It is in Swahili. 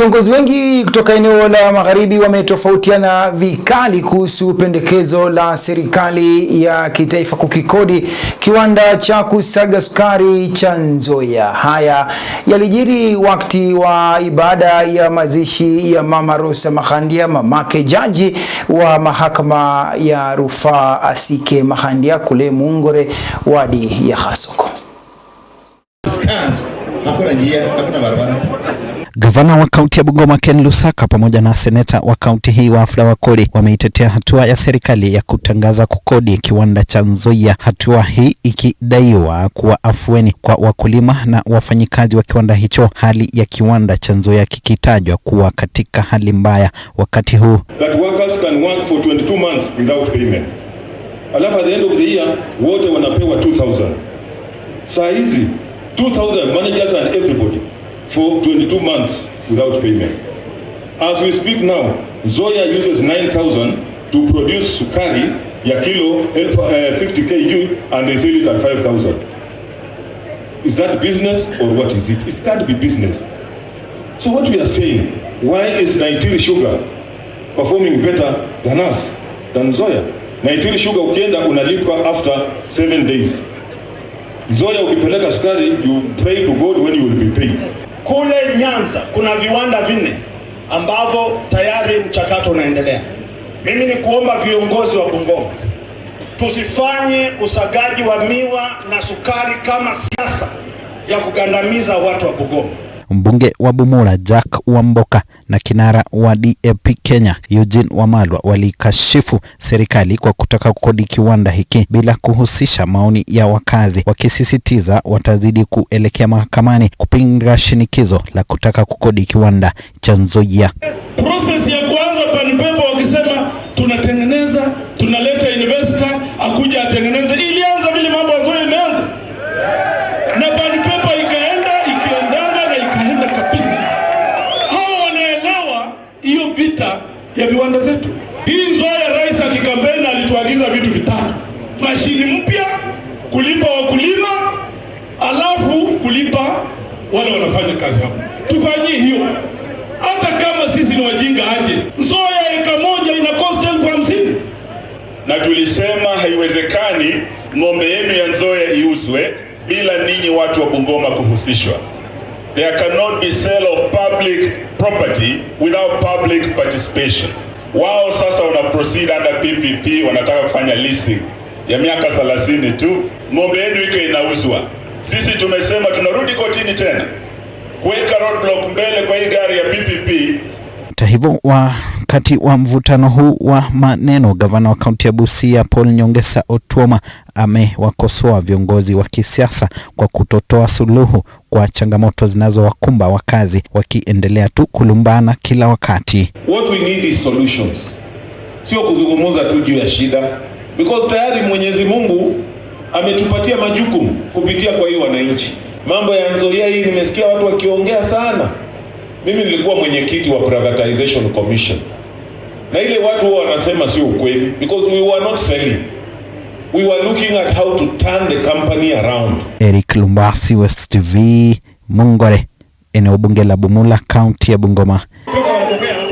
Viongozi wengi kutoka eneo la Magharibi wametofautiana vikali kuhusu pendekezo la serikali ya kitaifa kukikodi kiwanda cha kusaga sukari cha Nzoia. Haya yalijiri wakati wa ibada ya mazishi ya Mama Rosa Makhandia, mamake jaji wa mahakama ya rufaa Asike Makhandia kule Mungore, wadi ya Khasoko. Gavana wa kaunti ya Bungoma Ken Lusaka pamoja na seneta wa kaunti hii Wafula Wakoli wameitetea hatua ya serikali ya kutangaza kukodi kiwanda cha Nzoia, hatua hii ikidaiwa kuwa afueni kwa wakulima na wafanyikazi wa kiwanda hicho, hali ya kiwanda cha Nzoia kikitajwa kuwa katika hali mbaya wakati huu. That workers can work for 22 months without payment. Alafu at the end of the year wote wanapewa 2000. Saa hizi 2000 managers and for 22 months without payment. As we speak now, Zoya uses 9,000 to produce sukari ya kilo 50 eh, eh, kg and they sell it at 5,000. Is that business or what is it? It can't be business. So what we are saying, why is Naitiri Sugar performing better than us, than Zoya? Naitiri Sugar ukienda unalipa after seven days. Zoya ukipeleka sukari, you pray to God when you will be paid. Kule Nyanza kuna viwanda vinne ambavyo tayari mchakato unaendelea. Mimi ni kuomba viongozi wa Bungoma tusifanye usagaji wa miwa na sukari kama siasa ya kugandamiza watu wa Bungoma. Mbunge wa Bumula Jack Wamboka na kinara wa DAP Kenya Eugene Wamalwa walikashifu serikali kwa kutaka kukodi kiwanda hiki bila kuhusisha maoni ya wakazi, wakisisitiza watazidi kuelekea mahakamani kupinga shinikizo la kutaka kukodi kiwanda cha Nzoia. Process ya kwanza pepo, wakisema tunatengeneza, tunaleta investor akuja atengeneze ya viwanda zetu. Hii Nzoia, rais akikampeni alituagiza vitu vitatu: mashini mpya, kulipa wakulima, alafu kulipa wale wanafanya kazi hapo. Tufanyie hiyo, hata kama sisi ni wajinga aje. Nzoia eka moja ina cost elfu hamsini na tulisema haiwezekani ng'ombe yenu ya Nzoia iuzwe bila ninyi watu wa Bungoma kuhusishwa. There cannot be sale of public property without public participation. Wao sasa wana proceed under PPP, wanataka kufanya leasing ya miaka 30 tu, ng'ombe yenu iko inauzwa. Sisi tumesema tunarudi kotini tena kuweka roadblock mbele kwa hii gari ya PPP. Hata hivyo wa Wakati wa mvutano huu wa maneno, gavana wa kaunti ya Busia Paul Nyongesa Otuoma amewakosoa viongozi wa kisiasa kwa kutotoa suluhu kwa changamoto zinazowakumba wakazi, wakiendelea tu kulumbana kila wakati. What we need is solutions, sio kuzungumza tu juu ya shida, because tayari Mwenyezi Mungu ametupatia majukumu kupitia kwa hiyo wananchi. Mambo ya Nzoia hii nimesikia watu wakiongea sana. Mimi nilikuwa mwenyekiti wa privatization commission na ile watu wao wanasema sio ukweli, because we were not selling we were looking at how to turn the company around. Eric Lumbasi, West TV, Mungore, eneo bunge la Bumula, kaunti ya Bungoma.